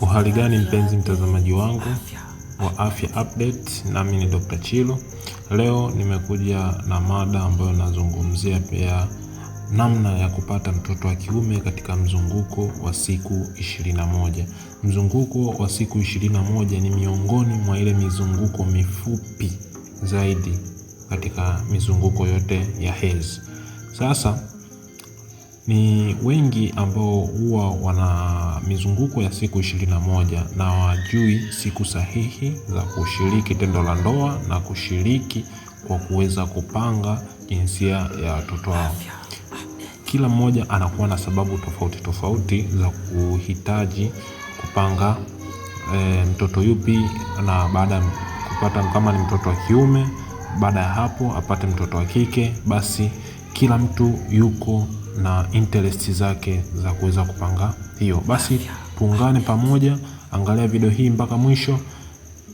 Uhali gani mpenzi mtazamaji wangu wa afya update, nami ni Dr. Chilu. Leo nimekuja na mada ambayo nazungumzia pia namna ya kupata mtoto wa kiume katika mzunguko wa siku ishirini na moja. Mzunguko wa siku ishirini na moja ni miongoni mwa ile mizunguko mifupi zaidi katika mizunguko yote ya hedhi. Sasa ni wengi ambao huwa wana mizunguko ya siku ishirini na moja na wajui siku sahihi za kushiriki tendo la ndoa na kushiriki kwa kuweza kupanga jinsia ya watoto wao. Kila mmoja anakuwa na sababu tofauti tofauti za kuhitaji kupanga e, mtoto yupi na baada ya kupata kama ni mtoto wa kiume, baada ya hapo apate mtoto wa kike, basi kila mtu yuko na interest zake za kuweza kupanga hiyo. Basi tuungane pamoja, angalia video hii mpaka mwisho,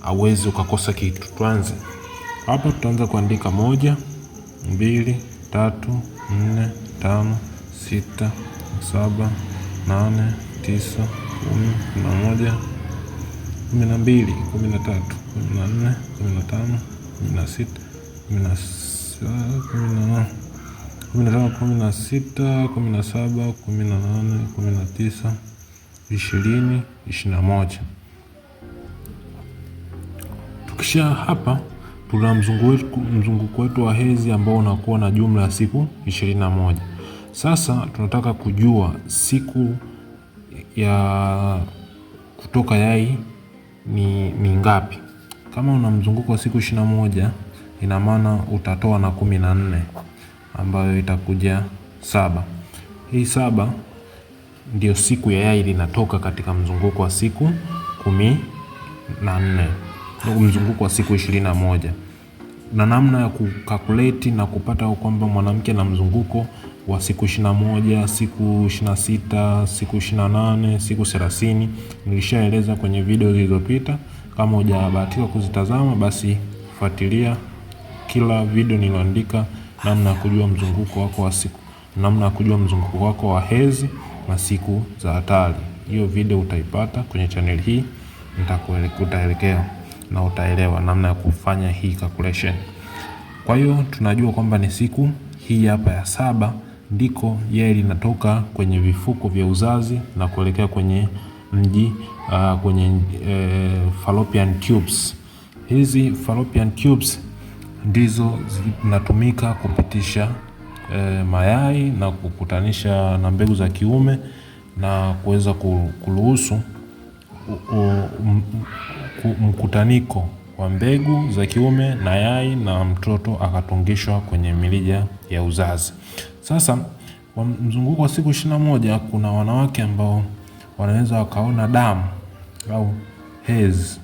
auwezi ukakosa kitu. Tuanze hapa, tutaanza kuandika moja, mbili, tatu, nne, tano, sita, saba, nane, tisa, kumi, kumi na moja, kumi na mbili, kumi na tatu, kumi na nne, kumi na tano, kumi na sita, kumi na saba, kumi na nane kumi na tano kumi na sita kumi na saba kumi na nane kumi na tisa ishirini ishirini na moja Tukisha hapa tuna mzunguko wetu wa hedhi ambao unakuwa na jumla ya siku ishirini na moja. Sasa tunataka kujua siku ya kutoka yai ni, ni ngapi? Kama una mzunguko wa siku ishirini na moja ina maana utatoa na kumi na nne ambayo itakuja saba. Hii saba ndio siku ya yai linatoka katika mzunguko wa siku kumi na nne mzunguko wa siku ishirini na moja na namna ya kukakuleti na kupata kwamba mwanamke na mzunguko wa siku ishirini na moja siku ishirini na sita siku ishirini na nane siku thelathini nilishaeleza kwenye video zilizopita. Kama hujabahatika kuzitazama, basi fuatilia kila video niliyoandika namna ya kujua mzunguko wako wa siku, namna ya kujua mzunguko wako wa hedhi na siku za hatari. Hiyo video utaipata kwenye channel hii, utaelekea na utaelewa namna ya kufanya hii calculation. Kwa hiyo tunajua kwamba ni siku hii hapa ya saba ndiko yai linatoka kwenye vifuko vya uzazi na kuelekea kwenye mji uh, kwenye uh, fallopian tubes. Hizi fallopian tubes ndizo zinatumika kupitisha e, mayai na kukutanisha na mbegu za kiume na kuweza kuruhusu mkutaniko wa mbegu za kiume na yai na mtoto akatungishwa kwenye mirija ya uzazi. Sasa kwa mzunguko wa siku ishirini na moja kuna wanawake ambao wanaweza wakaona damu au hezi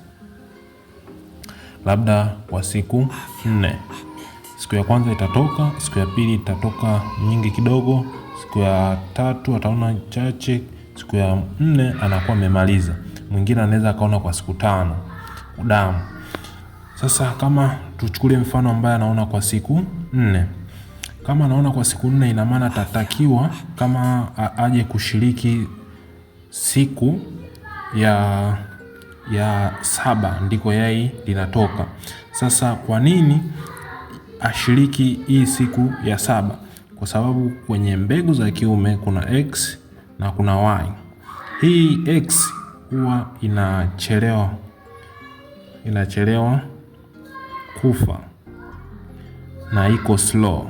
labda kwa siku nne. Siku ya kwanza itatoka, siku ya pili itatoka nyingi kidogo, siku ya tatu ataona chache, siku ya nne anakuwa amemaliza. Mwingine anaweza akaona kwa siku tano damu. Sasa kama tuchukulie mfano ambaye anaona kwa siku nne, kama anaona kwa siku nne, ina maana atatakiwa kama aje kushiriki siku ya ya saba ndiko yai linatoka. Sasa kwa nini ashiriki hii siku ya saba? Kwa sababu kwenye mbegu za kiume kuna X na kuna Y. Hii X huwa inachelewa inachelewa kufa na iko slow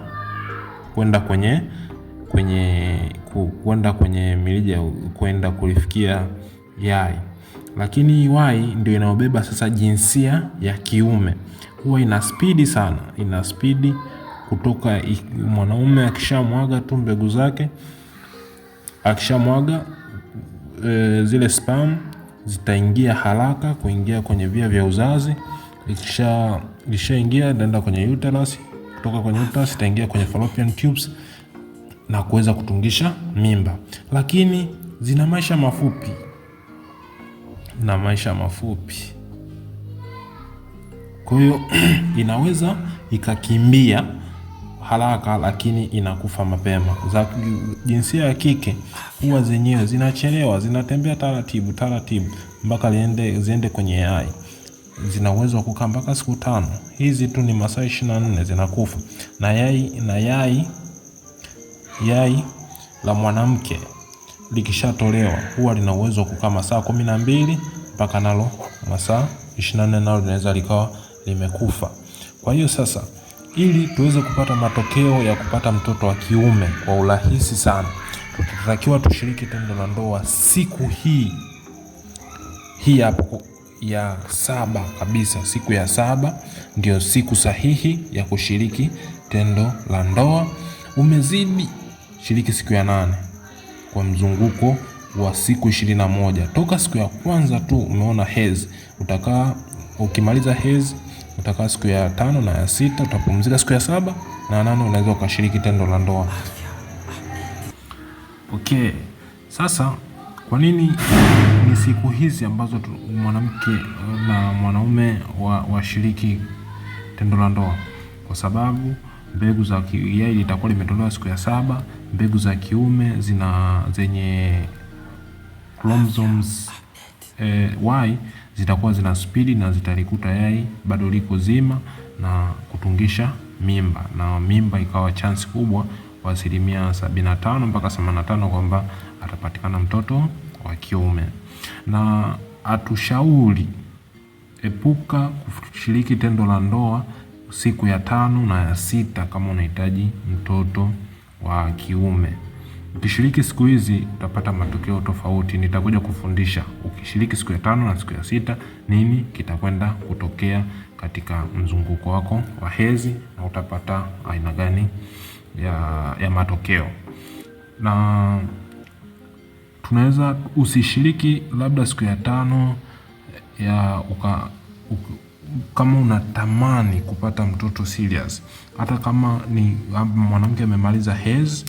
kwenda kwenye kwenda kwenye, mirija kwenda kulifikia yai lakini y ndio inayobeba sasa jinsia ya kiume. Huwa ina spidi sana, ina spidi kutoka mwanaume akishamwaga tu mbegu zake, akishamwaga e, zile spam zitaingia haraka kuingia kwenye via vya uzazi. Ikishaingia itaenda kwenye uterus, kutoka kwenye uterus itaingia kwenye fallopian tubes na kuweza kutungisha mimba, lakini zina maisha mafupi na maisha mafupi. Kwa hiyo inaweza ikakimbia haraka lakini inakufa mapema. Za jinsia ya kike huwa zenyewe zinachelewa, zinatembea taratibu taratibu mpaka ziende kwenye yai. Zina uwezo wa kukaa mpaka siku tano. Hizi tu ni masaa ishirini na nne zinakufa na yai, na yai yai la mwanamke likishatolewa huwa lina uwezo wa kukaa masaa kumi na mbili mpaka nalo masaa ishirini na nne nalo linaweza likawa limekufa. Kwa hiyo sasa, ili tuweze kupata matokeo ya kupata mtoto wa kiume kwa urahisi sana, tutatakiwa tushiriki tendo la ndoa siku hii hii hapo ya saba kabisa. Siku ya saba ndio siku sahihi ya kushiriki tendo la ndoa. Umezidi, shiriki siku ya nane kwa mzunguko wa siku ishirini na moja. Toka siku ya kwanza tu umeona hedhi, utakaa ukimaliza hedhi utakaa siku ya tano na ya sita utapumzika siku ya saba na nane unaweza ukashiriki tendo la ndoa. Okay. Sasa kwa nini ni siku hizi ambazo mwanamke na mwanaume washiriki wa tendo la ndoa? Kwa sababu mbegu za kiyai litakuwa limetolewa siku ya saba Mbegu za kiume zina zenye chromosomes eh, Y zitakuwa zina spidi na zitalikuta yai bado liko zima na kutungisha mimba, na mimba ikawa chansi kubwa kwa asilimia 75 mpaka 85 kwamba atapatikana mtoto wa kiume. Na atushauri epuka kushiriki tendo la ndoa siku ya tano na ya sita kama unahitaji mtoto wa kiume. Ukishiriki siku hizi utapata matokeo tofauti, nitakuja kufundisha. Ukishiriki siku ya tano na siku ya sita, nini kitakwenda kutokea katika mzunguko wako wa hedhi na utapata aina gani ya, ya matokeo. Na tunaweza usishiriki labda siku ya tano ya uka, uka kama unatamani kupata mtoto serious, hata kama ni mwanamke amemaliza hedhi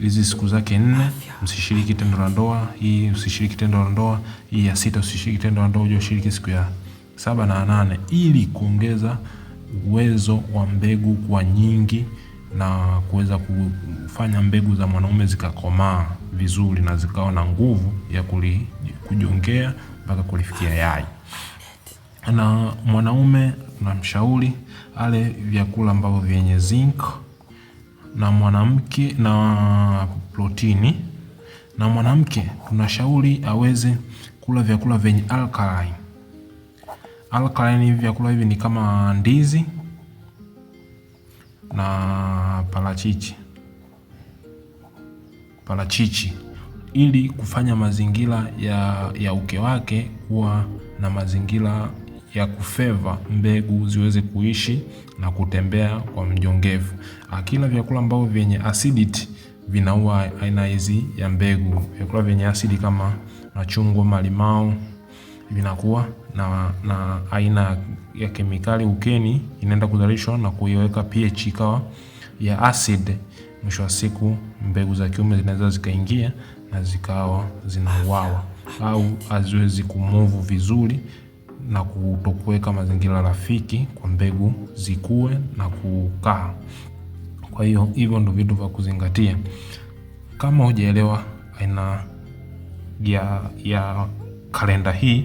hizi siku zake nne, msishiriki tendo la ndoa. Hii usishiriki tendo la ndoa, hii ya sita usishiriki tendo la ndoa, uje ushiriki siku ya saba na nane, ili kuongeza uwezo wa mbegu kwa nyingi na kuweza kufanya mbegu za mwanaume zikakomaa vizuri na zikawa na nguvu ya kujongea mpaka kulifikia yai na mwanaume namshauri ale vyakula ambavyo vyenye zinc, na mwanamke na protini. Na mwanamke tunashauri aweze kula vyakula vyenye alkaline. Alkaline vyakula hivi ni kama ndizi na parachichi parachichi, ili kufanya mazingira ya, ya uke wake kuwa na mazingira ya kufeva mbegu ziweze kuishi na kutembea kwa mjongevu. Akila vyakula ambavyo vyenye acidity vinaua aina hizi ya mbegu. Vyakula vyenye asidi kama machungwa, malimau vinakuwa na, na aina ya kemikali ukeni inaenda kuzalishwa na kuiweka pH ikawa ya acid. Mwisho wa siku mbegu za kiume zinaweza zikaingia na zikawa zinauawa au haziwezi kumuvu vizuri na kutokuweka mazingira rafiki kwa mbegu zikue na kukaa. Kwa hiyo hivyo ndo vitu vya kuzingatia kama hujaelewa aina ya, ya kalenda hii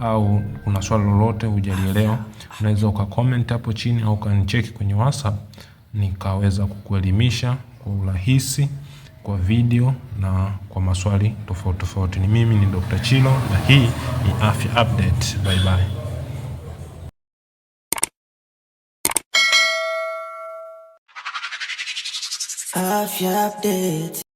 au kuna swali lolote hujalielewa, unaweza comment hapo chini au ukanicheki kwenye WhatsApp nikaweza kukuelimisha kwa urahisi kwa video na kwa maswali tofauti tofauti. Ni mimi ni Dr. Chilo na hii ni Afya Update. Bye bye. Afya Update.